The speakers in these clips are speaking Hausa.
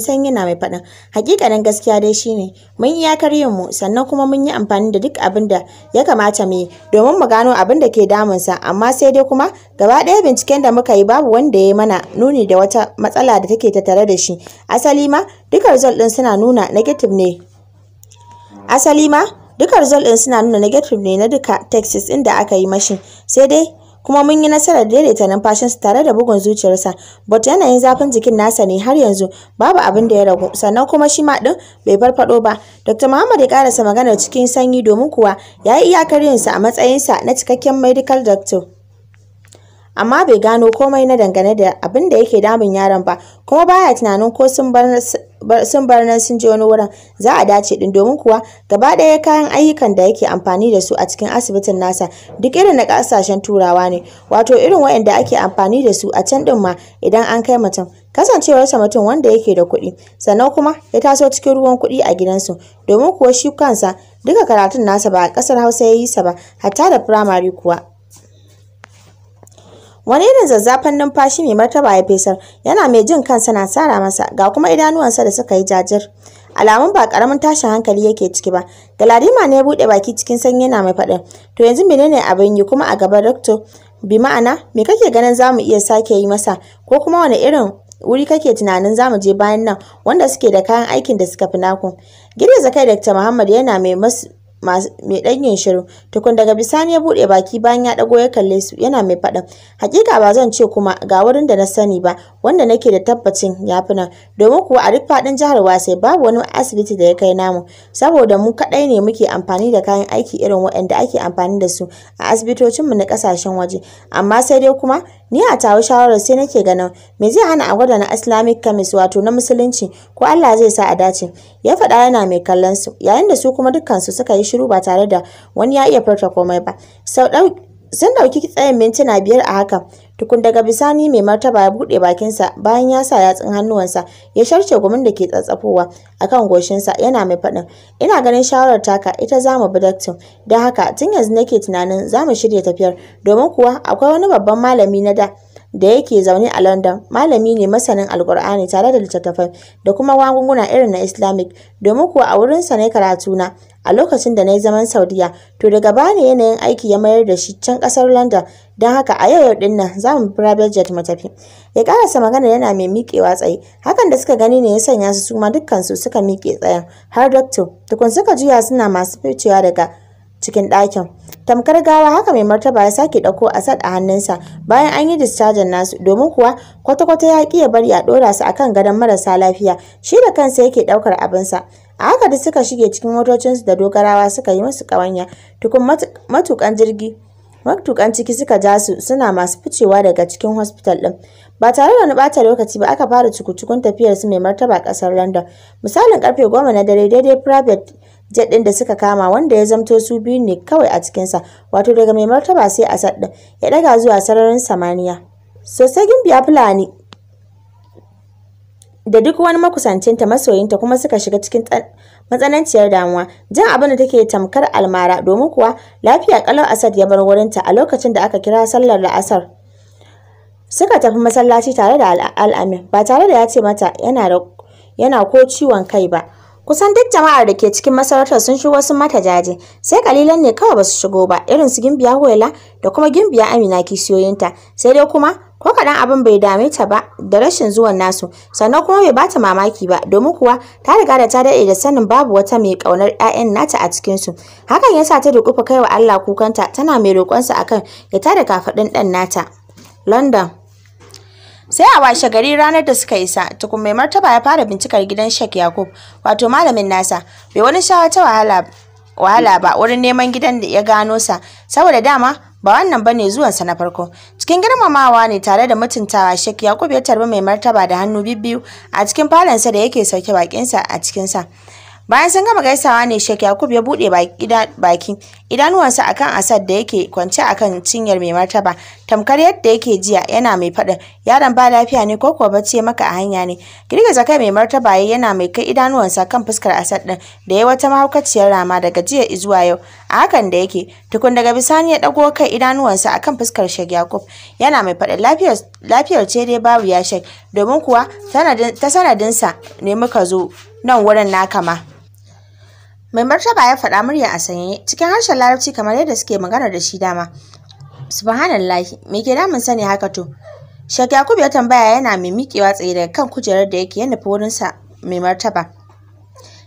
san yana mai faɗin hakikanin gaskiya dai shine mun iyakar yin mu sannan kuma mun yi amfani da duk abin da ya kamata mu yi domin mu gano abin da ke damun sa amma sai dai kuma gaba ɗaya binciken da muka yi babu wanda ya yi mana nuni da wata matsala da take tattare da shi asali ma duka result ɗin suna nuna negative ne asali ma duka result din suna nuna negative ne na duka texas ɗin da aka yi mashi sai dai kuma mun yi nasarar daidaita numfashinsa tare da bugun zuciyarsa but yanayin zafin jikin nasa ne har yanzu babu abin da ya ragu sannan kuma shi ma din bai farfado ba dr muhammad ya karasa maganar cikin sanyi domin kuwa ya yi iyakar yinsa a matsayinsa na cikakken medical doctor amma bai gano komai na dangane da abin da yake damun yaron ba kuma baya tunanin ko sun bar sun bar nan sun je wani wurin za a dace din domin kuwa gaba ɗaya kayan ayyukan da yake amfani da su a cikin asibitin nasa duk irin na ƙasashen turawa ne wato irin waɗanda ake amfani da su a can ɗin ma idan an kai mutum kasancewarsa mutum wanda yake da kuɗi sannan kuma ya taso cikin ruwan kuɗi a gidansu domin kuwa shi kansa duka karatun nasa ba a ƙasar hausa ya yi sa ba hatta da firamare kuwa wani irin zazzafan numfashi mai martaba ya fesar yana mai jin kansa na tsara masa ga kuma idanuwansa da suka yi jajir alamun ba karamin tashin hankali yake ciki ba galadima ne ya buɗe baki cikin sanyi yana mai faɗin to yanzu menene abin yi kuma a gaban rector bi ma'ana me kake ganin za mu iya sake yi masa ko kuma wani irin wuri kake tunanin za mu je bayan nan wanda suke da kayan aikin da suka fi naku girgiza kai dr muhammad yana mai masu mai ɗanyin shiru tukun daga bisani ya buɗe baki bayan ya ɗago ya kalle su yana mai faɗa hakika ba zan ce kuma ga wurin da na sani ba wanda nake da tabbacin ya fi nan domin kuwa a duk faɗin jihar wasai babu wani asibiti da ya kai namu saboda mu kaɗai ne muke amfani da kayan aiki irin waɗanda ake amfani da su a asibitocinmu na ƙasashen waje amma sai dai kuma ni a tawo shawarar sai nake ganin me zai hana a gwada na islamic chemist wato na musulunci ko allah zai sa a dace ya faɗa yana mai kallon su yayin da su kuma dukkansu suka yi shiru ba tare da wani ya iya furta komai ba sun ɗauki tsayin mintuna biyar a haka tukun daga bisani mai martaba ya buɗe bakinsa bayan ya sa yatsun hannuwansa ya sharce gumin da ke tsatsafowa a kan goshinsa yana mai faɗin ina ganin shawarar taka ita za mu bi daktin don haka tun yanzu nake tunanin za mu shirya tafiyar domin kuwa akwai wani babban malami na da da yake zaune a London, malami ne masanin Alkur'ani tare da littattafai da kuma magunguna irin na Islamic, domin kuwa a wurin wurinsa ne karatuna a lokacin da na yi zaman Saudiya. To daga bani yanayin aiki ya mayar da shi can kasar London, don haka a yau din nan za mu private jet mu tafi. Ya karasa magana yana mai miƙewa tsaye, hakan da suka gani ne ya sanya su suma dukkansu suka miƙe tsayen har doctor tukun suka juya suna masu ficewa daga cikin ɗakin. tamkar gawa haka mai martaba ya sake ɗauko Asad a hannunsa bayan an yi dischargin nasu domin kuwa kwata-kwata ya ki ya bari a ɗora su akan gadon marasa lafiya shi da kansa yake ɗaukar abinsa. A haka da suka shige cikin motocinsu da dogarawa suka yi musu kawanya tukun matukan jirgi matukan ciki suka ja su suna masu ficewa daga cikin hospital din. Ba tare da wani bata lokaci ba aka fara cukucukun cukun tafiyar su mai martaba kasar London. Misalin karfe 10 na dare daidai private jet ɗin da suka kama wanda ya zamto su biyu ne kawai a cikinsa wato daga mai martaba sai a sadda ya ɗaga zuwa sararin samaniya sosai gimbiya fulani da duk wani makusancinta masoyinta kuma suka shiga cikin matsananciyar damuwa jan abin da take tamkar almara domin kuwa lafiya kalau asad ya bar wurinta a lokacin da aka kira sallar la'asar suka tafi masallaci tare da al'amin ba tare da ya ce mata yana ko ciwon kai ba Kusan duk jama'ar da ke cikin masarautar sun shigo sun mata jaje, sai kalilan ne kawai basu shigo ba, irin su Gimbiya Huwela da kuma Gimbiya Amina kisiyoyinta. Sai dai kuma ko kaɗan abin bai dame ta ba da rashin zuwan nasu, sannan kuma bai bata mamaki ba, domin kuwa ta riga da ta daɗe da sanin babu wata mai ƙaunar 'ya'yan nata a cikin su Hakan ya sa ta duƙufa kaiwa Allah kukanta tana mai roƙonsa akan ya tada kafaɗin ɗan nata. London sai a washe gari ranar da suka isa tukun mai martaba ya fara bincikar gidan shek yakub wato malamin nasa bai wani sha wata wahala wahala ba wurin neman gidan da ya gano sa saboda dama ba wannan bane sa na farko cikin girmamawa ne tare da mutuntawa shek yakub ya tarbi mai martaba da hannu bibbiyu a cikin falon sa da yake sauke bakin sa a cikin sa bayan sun gama gaisawa ne shek yakub ya buɗe baki idanuwansa akan Asad da yake kwance a kan cinyar mai martaba tamkar yadda yake jiya yana mai faɗin yaron ba lafiya ne ko kuwa bacci maka a hanya ne girgiza kai mai martaba yana mai kai idanuwansa kan fuskar Asad din da ya wata mahaukaciyar rama daga jiya zuwa yau a hakan da yake tukun daga bisani ya dago kai idanuwansa akan fuskar shek Yakub yana mai faɗin lafiyar lafiyar ce dai babu ya shek domin kuwa ta sanadinsa ne muka zo nan wurin naka ma mai martaba ya faɗa murya a sanye cikin harshen larabci kamar yadda suke magana da shi dama subhanallahi me ke damun sani haka to shek yakubu ya tambaya yana mai miƙewa tsaye daga kan kujerar da yake ya nufi wurinsa mai martaba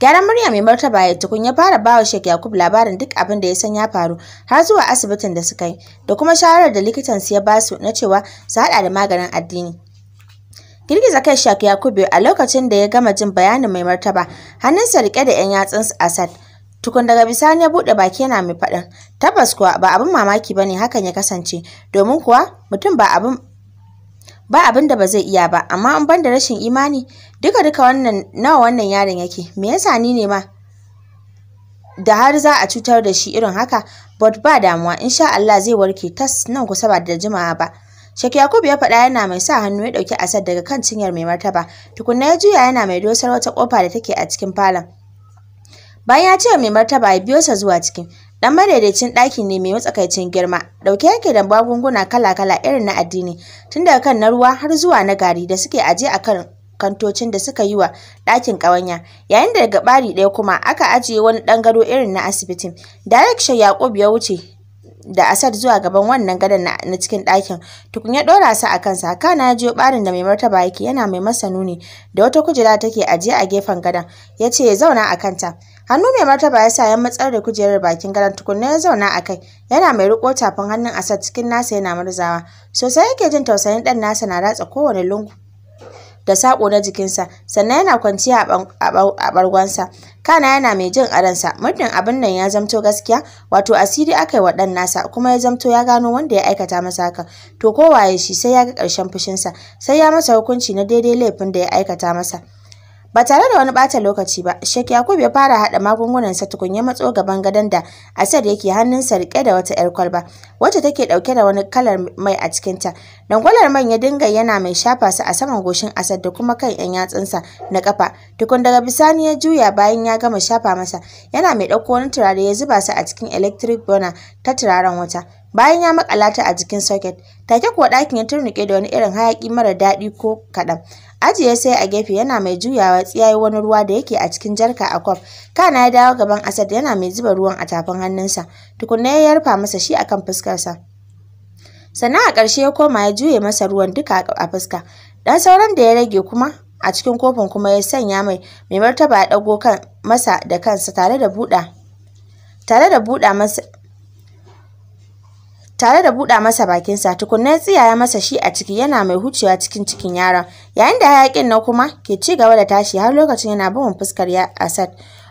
gyaran murya mai martaba ya tukun ya fara bawa shek yakubu labarin duk abin da ya san ya faru har zuwa asibitin da suka yi da kuma shawarar da likitan su ya basu na cewa su haɗa da maganin addini girgiza kai shak yakubu a lokacin da ya gama jin bayanin mai martaba hannunsa rike da yan yatsunsa asad tukun daga bisani ya buɗe baki yana mai faɗin tabbas kuwa ba abin mamaki ba ne hakan ya kasance domin kuwa mutum ba abin ba abin da ba zai iya ba amma an ban da rashin imani duka duka wannan nawa wannan yaron yake me yasa ni ne ma da har za a cutar da shi irin haka but ba damuwa insha Allah zai warke tas nan kusa ba da jimawa ba Shek Yakubu ya faɗa yana mai sa hannu ya ɗauki Asad daga kan cinyar mai martaba. Tukunna ya juya yana mai dosar wata ƙofa da take a cikin falon. Bayan ya ce mai martaba ya biyo sa zuwa cikin. Dan madaidaicin ɗaki ne mai matsakaicin girma, ɗauke yake da magunguna kala-kala irin na addini, tun daga kan na ruwa har zuwa na gari da suke ajiye a kan kantocin da suka yi wa ɗakin ƙawanya yayin da daga ɓari ɗaya kuma aka ajiye wani ɗan irin na asibitin direct shai yakubu ya wuce da Asad zuwa gaban wannan gadon na cikin ɗakin. Tukun ya ɗora su a kansa, kana ya jiyo ɓarin da mai martaba yake yana mai masa nuni da wata kujera take ajiye a gefen gadon. Ya ce ya zauna a kanta. Hannu mai martaba ya sa ya matsar da kujerar bakin gadon tukunna ya zauna a kai, yana mai riko tafin hannun Asad cikin nasa yana murzawa. Sosai yake jin tausayin ɗan nasa na ratsa kowane lungu da saƙo na jikinsa, sannan yana kwanciya a bargonsa. kana yana mai jin aransa muddin abin nan ya zamto gaskiya wato asiri aka yi wa ɗan nasa kuma ya zamto ya gano wanda ya aikata masa haka to kowaye shi sai ya ga ƙarshen fushinsa sai ya masa hukunci na daidai laifin da ya aikata masa ba tare da wani ɓata lokaci ba shek yakub ya fara haɗa magungunansa tukunyar tukunya matso gaban gadon da asad yake hannunsa rike da wata 'yar kwalba wacce take ɗauke da wani kalar mai a cikinta Dangwalar man ya dinga yana mai shafa su a saman goshin Asad da kuma kan 'yan yatsunsa na kafa. Tukun daga bisani ya juya bayan ya gama shafa masa. Yana mai ɗauko wani turare ya zuba su a cikin electric burner ta turaren wata, Bayan ya makala ta a jikin socket, take kuwa ɗakin ya turnuke da wani irin hayaƙi mara daɗi ko kaɗan. Ajiye sai a gefe yana mai juyawa tsiyayi wani ruwa da yake a cikin jarka a kwaf. Kana ya dawo gaban Asad yana mai zuba ruwan a tafin hannunsa. Tukunna ya yarfa masa shi akan fuskarsa. sannan a ƙarshe ya koma ya juye masa ruwan duka a fuska dan sauran da ya rage kuma a cikin kofin kuma ya sanya mai mai martaba ya ɗago kan masa da kansa tare da buɗa tare da buɗa masa tare da buɗa masa bakinsa tukunna ya tsiyaya masa shi a ciki yana mai hucewa cikin cikin yara yayin da hayaƙin na kuma ke ci gaba da tashi har lokacin yana bugun fuskar ya asad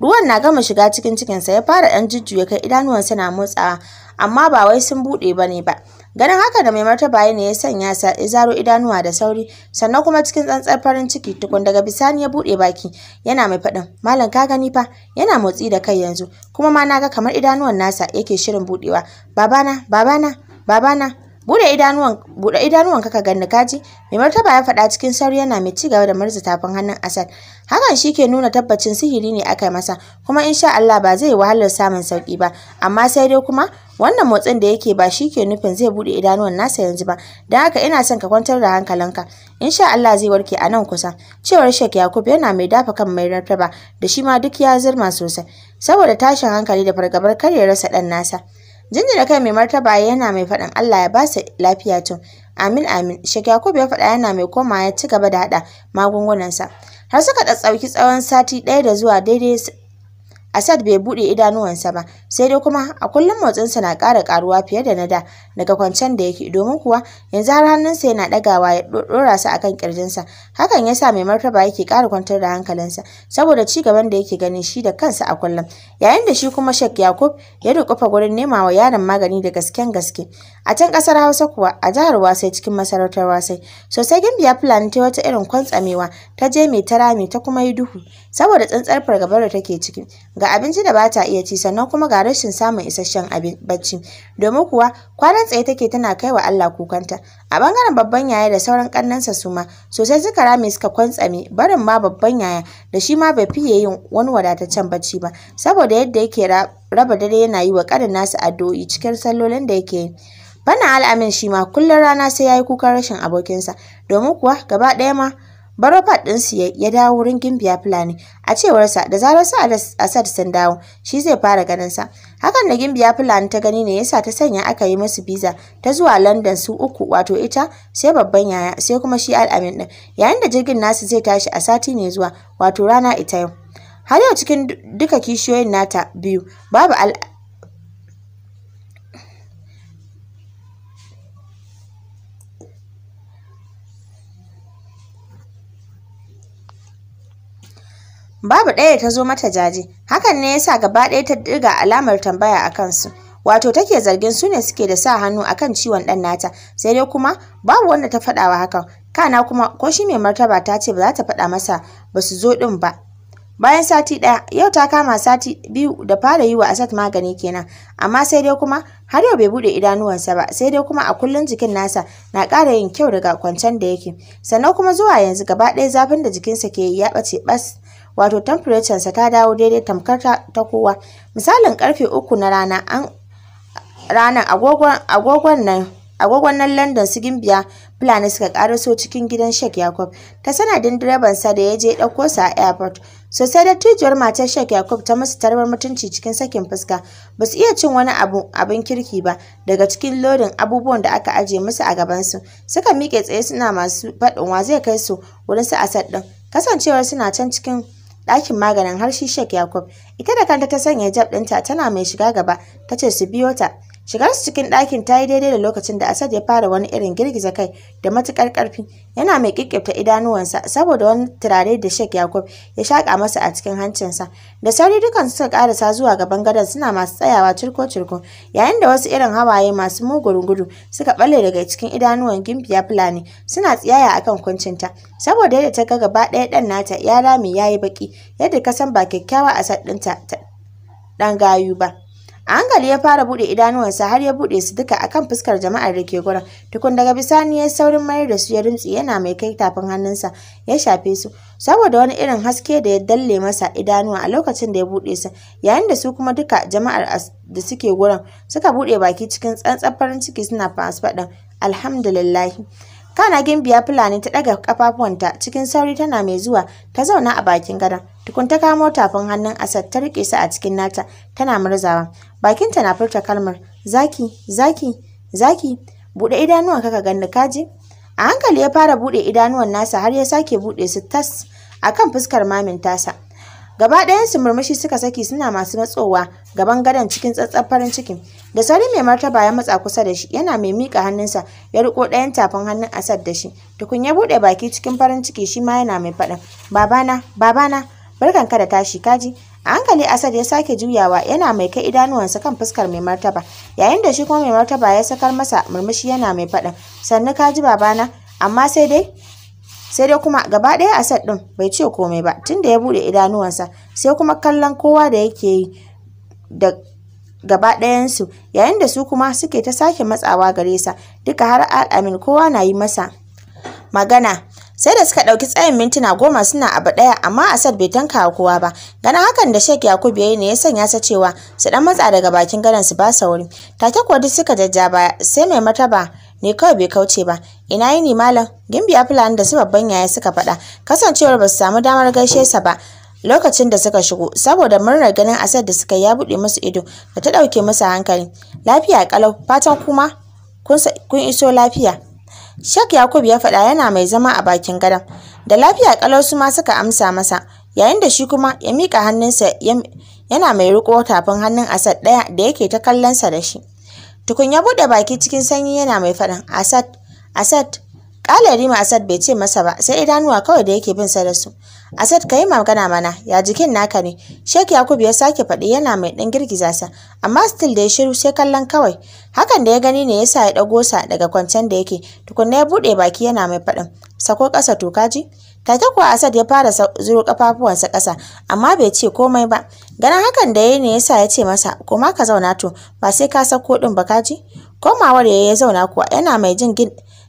ruwan na gama shiga cikin cikinsa ya fara ɗan jujjuya kai idanuwansa na motsawa amma ba wai sun buɗe ba ba ganin haka da mai martaba ne ya sanya sa izaro zaro idanuwa da sauri sannan kuma cikin tsantsar farin ciki tukun daga bisani ya buɗe baki yana mai faɗin malam ka gani fa yana motsi da kai yanzu kuma ma naga kamar idanuwan nasa yake shirin buɗewa babana babana babana bude idanuwan bude idanuwan ka ganni kaji mai martaba ya faɗa cikin sauri yana mai ci gaba da murza tafin hannun Asad hakan shi ke nuna tabbacin sihiri ne aka masa kuma insha Allah ba zai wahalar samun sauki ba amma sai dai kuma wannan motsin da yake ba shi ke nufin zai buɗe idanuwan nasa yanzu ba don haka ina son ka kwantar da hankalinka sha Allah zai warke a nan kusa cewar Sheikh Yakub yana mai dafa kan mai rarraba da shi ma duk ya zirma sosai saboda tashin hankali da fargabar kar ya rasa ɗan nasa jinjina kai mai martaba yana mai faɗin Allah ya ba su lafiya tun amin amin Sheikh Yakub ya faɗa yana mai koma ya ci gaba da haɗa magungunansa har suka ɗauki tsawon sati ɗaya da zuwa daidai Asad bai buɗe idanuwansa ba, sai dai kuma a kullum motsinsa na ƙara ƙaruwa fiye da na da daga kwancen da yake domin kuwa yanzu har sa yana ɗagawa ya ɗora su akan ƙirjinsa. Hakan ya sa mai martaba yake ƙara kwantar da hankalinsa saboda ci gaban da yake gani shi da kansa a kullum. Yayin da shi kuma Sheikh Yakub ya dukufa gurin nema wa yaron magani da gasken gaske. A can ƙasar Hausa kuwa a jihar Wasai cikin masarautar Wasai. Sosai Gimbiya Fulani ta wata irin kwantsamewa ta je mai ta rami ta kuma yi duhu. saboda tsantsar fargabar da take ciki ga abinci da bata iya ci sannan kuma ga rashin samun isasshen abin bacci domin kuwa kwanan tsaye take tana kai wa Allah kukanta a bangaren babban yaya da sauran kannansa su ma sosai suka rame suka kwantsame barin ma babban yaya da shi ma bai fiye yin wani wadataccen bacci ba saboda yadda yake raba dare yana yi wa karin nasu addu'o'i cikin sallolin da yake yi bana al'amin shi ma kullum rana sai ya yi kukan rashin abokinsa domin kuwa gaba ɗaya ma barofat ɗinsu ya dawo wurin gimbiya fulani a cewarsa da zarar su asad sun dawo shi zai fara ganin sa hakan da gimbiya fulani ta gani ne yasa ta sanya aka yi musu biza ta zuwa london su uku wato ita sai babban yaya sai kuma shi al'amin ɗin yayin da jirgin nasu zai tashi a sati ne zuwa wato rana ita yau har yau cikin duka kishiyoyin nata biyu babu babu ɗaya ta zo mata jaje hakan ne yasa gaba ɗaya ta ɗirga alamar tambaya a kansu wato take zargin su ne suke da sa hannu akan ciwon ɗan nata sai dai kuma babu wanda ta faɗawa hakan kana kuma ko shi mai martaba ta ce ba za ta faɗa masa ba su zo ɗin ba bayan sati ɗaya yau ta kama sati biyu da fara yi wa asat magani kenan amma sai dai kuma har yau bai buɗe idanuwansa ba sai dai kuma a kullum jikin nasa na ƙara yin kyau daga kwancen da yake sannan kuma zuwa yanzu gaba ɗaya zafin da jikinsa ke yi ya ɓace ɓas wato temperature sa ta dawo daidai tamkar ta kowa misalin karfe uku na rana an ranar agogon nan agogon nan london su gimbiya fulani suka karaso cikin gidan shek yakub ta sanadin direban sa da ya je ɗauko sa a airport sosai da tijiyar matar shek yakub ta musu tarbar mutunci cikin sakin fuska ba su iya cin wani abu abin kirki ba daga cikin lodin abubuwan da aka aje musu a gabansu suka miƙe tsaye suna masu faɗin wa zai kai su wurin su asad ɗin kasancewar suna can cikin ɗakin maganin har shi Sheikh Yakub. Ita da kanta ta sanya jab ɗinta tana mai shiga gaba ta ce su biyo ta. Shigar su cikin ɗakin ta yi daidai da lokacin da Asad ya fara wani irin girgiza kai da matuƙar ƙarfi, yana mai ƙiƙƙifta idanuwansa saboda wani turare da shek Yakub ya shaƙa masa a cikin hancinsa. Da sauri dukan suka sa zuwa gaban gadon suna masu tsayawa turko-turko, yayin da wasu irin hawaye masu mugun gudu suka ɓalle daga cikin idanuwan Gimbiya Fulani suna tsiyaya akan kuncinta. Saboda yadda ta ga gaba ɗaya ɗan nata ya rame ya yi baƙi, yadda ka san ba kyakkyawa Asad ɗinta ta ɗan gayu ba. A hankali ya fara buɗe idanuwansa har ya bude su duka akan fuskar jama'ar da ke gurin. Tukun daga bisani ya saurin mayar da su ya rintsi yana mai kai tafin hannunsa ya shafe su. Saboda wani irin haske da ya dalle masa idanuwa a lokacin da ya bude su, yayin da su kuma duka jama'ar da suke gurin suka bude baki cikin tsantsan farin ciki suna faɗin alhamdulillahi. Kana gimbiya Fulani ta ɗaga ƙafafuwanta cikin sauri tana mai zuwa ta zauna a bakin gadon. Tukun ta kamo tafin hannun Asad ta riƙe su a cikin nata tana murzawa. Bakinta na furta kalmar zaki zaki zaki buɗe idanuwan ka ganni kaji. A hankali ya fara buɗe idanuwan nasa har ya sake buɗe su tas akan fuskar mamin tasa. Gaba ɗayansu murmushi suka saki suna masu matsowa gaban gadon cikin tsatsar farin ciki. Da sauri mai martaba ya matsa kusa da shi yana mai miƙa hannunsa ya riko ɗayan tafin hannun Asad da shi. Tukun ya buɗe baki cikin farin ciki shi ma yana mai faɗin babana babana ka da tashi kaji. A hankali Asad ya sake juyawa yana mai kai idanuwansa kan fuskar mai martaba yayin da shi kuma mai martaba ya sakar masa murmushi yana mai faɗin sannu kaji babana amma sai dai sai dai kuma gaba ɗaya Asad ɗin bai ce komai ba tunda ya buɗe idanuwansa sai kuma kallon kowa da yake yi da gaba ɗayansu yayin da su kuma suke ta sake matsawa gare sa duka har al'amin kowa na yi masa magana sai da suka ɗauki tsayin mintuna goma suna abu ɗaya amma asad bai tanka kowa ba gana hakan da shek yakubu ya yi ne ya sanya sa cewa su ɗan matsa daga bakin gadon su ba sauri take kuwa suka jajja baya sai mai mataba ne kawai bai kauce ba ina yini malam gimbiya fulani da su babban yaya suka faɗa kasancewar ba su samu damar gaishe sa ba lokacin da suka shigo saboda murnar ganin asar da suka ya buɗe musu ido da ta ɗauke musu hankali lafiya kalau fatan kuma kun iso lafiya shak yakub ya faɗa yana mai zama a bakin gadon da lafiya kalau su ma suka amsa masa yayin da shi kuma ya miƙa hannunsa yana mai riƙo tafin hannun asad ɗaya da yake ta kallonsa da shi Tukun ya buɗe baki cikin sanyi yana mai faɗin Asad, Asad, ƙala rima Asad bai ce masa ba sai idanuwa kawai da yake bin sa da su. Asad ka yi magana mana ya jikin naka ne. Sheikh yakub ya sake faɗi yana mai ɗan girgiza sa amma still da ya shiru sai kallon kawai. Hakan da ya gani ne yasa ya ɗago sa daga kwancen da yake tukunna ya buɗe baki yana mai faɗin sako ƙasa to kaji. take kuwa Asad ya fara zuro kafafuwansa ƙasa amma bai ce komai ba ganin hakan da yayi ne yasa ya ce masa koma ka zauna to ba sai ka sako din ba ka ji? komawar yayi ya zauna kuwa yana mai jin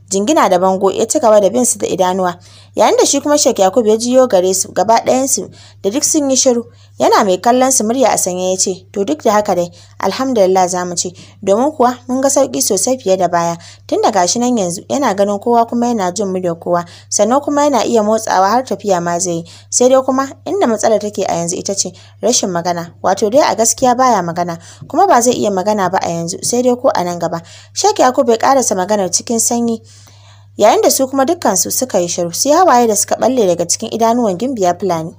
jingina da bango ya ci gaba da bin su da idanuwa yayin da shi kuma Sheikh yakub ya jiyo gare su gaba ɗayan su da duk sun yi shiru yana mai kallon su murya a sanya ya ce to duk da haka dai alhamdulillah za mu ce domin kuwa mun ga sauki sosai fiye da baya tun da gashi nan yanzu yana ganin kowa kuma yana jin mu kowa sannan kuma yana iya motsawa har tafiya ma zai yi sai dai kuma inda matsalar take a yanzu ita ce rashin magana wato dai a gaskiya baya magana kuma ba zai iya magana ba a yanzu sai dai ko a nan gaba shek yakubu ya karasa maganar cikin sanyi yayin da su kuma dukkansu suka yi shiru sai hawaye da suka balle daga cikin idanuwan gimbiya fulani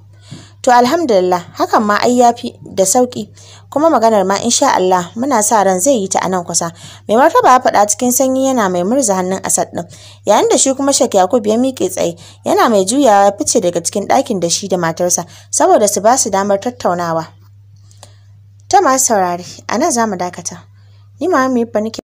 To alhamdulillah hakan ma ai yafi da sauki kuma maganar ma insha Allah muna sa ran zai yi ta anan kusa. Mai martaba ya faɗa cikin sanyi yana mai murza hannun Asad din. Yayin da shi kuma Shek Yakub ya miƙe tsaye yana mai juyawa ya fice daga cikin ɗakin da shi da matarsa saboda su ba su damar tattaunawa. Ta masu saurari, a nan za mu dakata. Ni ma mu yi